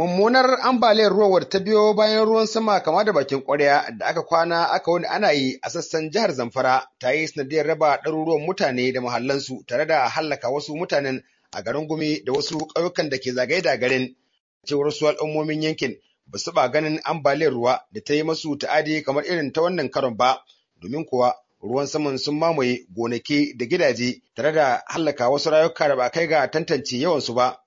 mummunar ambaliyar ruwa ta biyo bayan ruwan sama kama da bakin kwarya da aka kwana aka wani ana yi a sassan jihar zamfara ta yi sanadiyar raba ɗaruruwan mutane da mahallansu tare da hallaka wasu mutanen a garin gumi da wasu ƙauyukan da ke zagaye da garin cewar su al'ummomin yankin ba su ba ganin ambaliyar ruwa da ta yi masu ta'adi kamar irin ta wannan karon ba domin kuwa ruwan saman sun mamaye gonaki da gidaje tare da hallaka wasu rayuka da ba kai ga tantance yawansu ba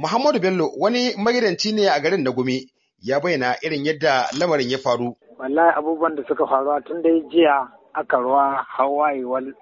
Muhammadu Bello wani magidanci ne a garin na gumi ya bayyana irin yadda lamarin ya faru. Wallahi abubuwan da suka faruwa tun da jiya aka ruwa Hawaii wal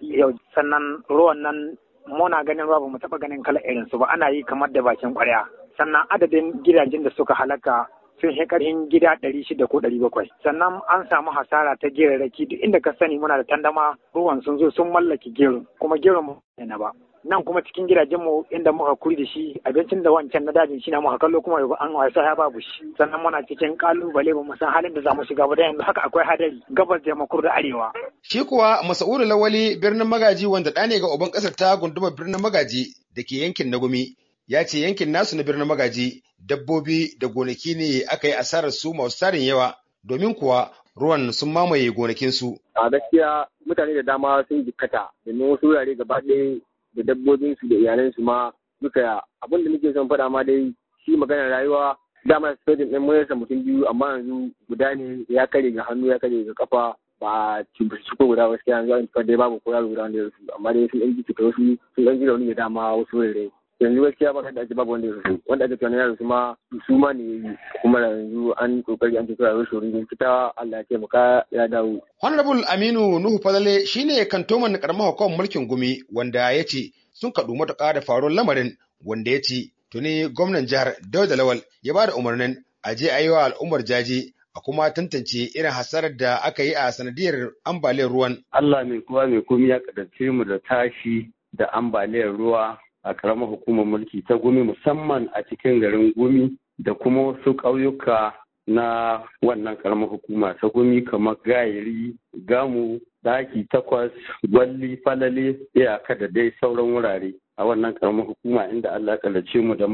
yau sannan ruwan nan muna ganin ruwa mu taba ganin kala irin su ba ana yi kamar da bakin kwarya sannan adadin gidajen da suka halaka sun shi karhin gida ɗari shida ko ɗari bakwai sannan an samu hasara ta gerarraki duk inda ka sani muna da tandama ruwan sun zo sun mallaki gero kuma gero mu ba nan kuma cikin gidajen mu inda muka kuri da shi abincin da wancan na dajin shi na muka kallo kuma an wasa ya babu shi sannan muna cikin kalubale ba mu san halin da za mu shiga ba da yanzu haka akwai hadari gabas da makur da arewa. Shi kuwa Mas'udu Lawali birnin Magaji wanda ɗa ne ga uban kasar ta gundumar birnin Magaji da ke yankin Nagumi ya ce yankin nasu na birnin Magaji dabbobi da gonaki ne aka yi asarar su masu tarin yawa domin kuwa ruwan sun mamaye gonakinsu. A gaskiya mutane da dama sun jikkata domin wasu wurare gaba ɗaya da dabbobinsu da iyalansu ma duka abin da nake son faɗa ma dai shi magana rayuwa dama sojin ɗin mun yasa mutum biyu amma yanzu guda ne ya kare ga hannu ya kare ga kafa ba ci ko guda gaskiya yanzu an dai babu ko yaro guda wanda ya amma dai sun ɗan ji wasu sun ɗan ji rauni da dama wasu rere. yanzu gaskiya ba da ake babu wanda ya rasu wanda ake tunanin ya kuma su ma ne yayi kuma yanzu an kokari an tafi rayuwar wurin ne kita Allah ya taimaka ya dawo Honorable Aminu Nuhu Fadale shine kantoman karamar hukumar mulkin gumi wanda ya ce sun kaɗu matuƙa da faruwar lamarin wanda ya ce tuni gwamnan jihar Dauda Lawal ya ba da umarnin a je a yi wa al'ummar jaji a kuma tantance irin hasarar da aka yi a sanadiyar ambaliyar ruwan. Allah mai kowa mai komi ya kadance mu da tashi da ambaliyar ruwa a karamar hukumar mulki ta gumi musamman a cikin garin gumi da kuma wasu ƙauyuka na wannan karamar hukuma ta gumi kamar gayiri gamu daki takwas gwalli falale iyaka da dai sauran wurare a wannan karamar hukuma inda allah kalace mu da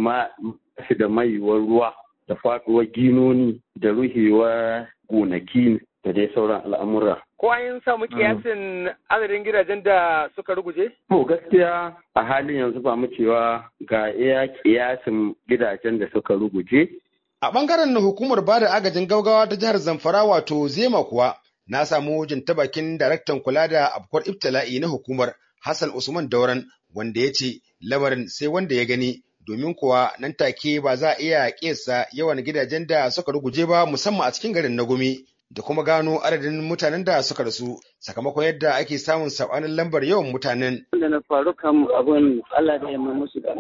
da maiwar ruwa da faɗuwar ginoni da ruhewar gonaki da dai sauran al'amura. Ko an yi samu kiyasin adadin gidajen da suka ruguje? ko gaskiya a halin yanzu ba mu cewa ga iya kiyasin gidajen da suka ruguje. A ɓangaren na hukumar ba da agajin gaugawa ta jihar Zamfara wato Zema kuwa na samu jin ta bakin daraktan kula da afkuwar ibtila'i na hukumar Hassan Usman Dauran wanda ya ce lamarin sai wanda ya gani domin kuwa nan take ba za a iya kesa yawan gidajen da suka ruguje ba musamman a cikin garin na gumi da kuma gano adadin mutanen da suka rasu sakamakon yadda ake samun sabanin lambar yawan mutanen. Wanda na faru kan abun Allah da ya musu da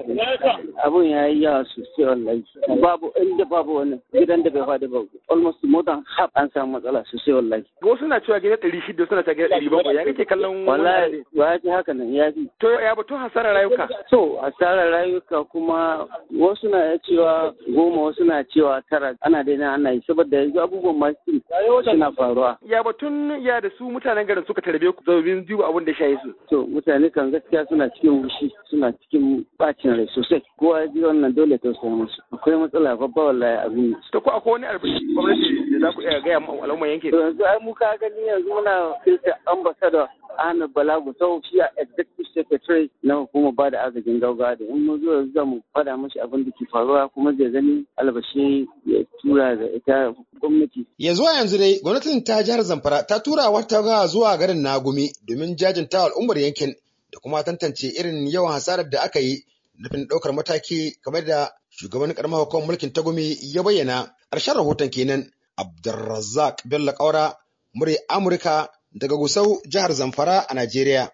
abun ya yi yawa sosai wallahi. Babu inda babu wani gidan da bai faɗi ba. Almost more than half an samu matsala sosai wallahi. Wasu suna cewa gida ɗari shida suna ta gida ɗari bakwai ya kake kallon wallahi ba ya fi haka nan ya fi. To ya ba to hasarar rayuka. To hasarar rayuka kuma wasu na cewa goma wasu na cewa tara ana daina ana yi saboda yanzu abubuwan masu wajen na faruwa. Ya batun ya da su mutanen garin suka tarbe ku domin biyu abin da shaye su. To mutane kan gaskiya suna cikin wushi suna cikin bacin rai sosai. Kowa ya ji wannan dole ta samu musu. Akwai matsala babba wallahi abin. To ko akwai wani albashi gwamnati da za ku iya gaya mu al'umma yankin. Yanzu ai mu ka gani yanzu muna filta ambassador Ahmed Balagu ta shi a Executive Secretary na hukumar ba da agajin gauga da in mun zo yanzu mu fada mashi abin da ke faruwa kuma zai gani albashi ya tura da ita gwamnati. Ya zuwa yanzu dai gwamnatin ta jihar Zamfara ta tura wata gawa zuwa garin Nagumi domin ta al'ummar yankin da kuma tantance irin yawan hasarar da aka yi nufin ɗaukar mataki kamar da shugaban karamar hukumar mulkin tagumi ya bayyana. Ƙarshen rahoton kenan Abdulrazak Bello Kaura, murya Amurka daga Gusau, jihar Zamfara a Najeriya.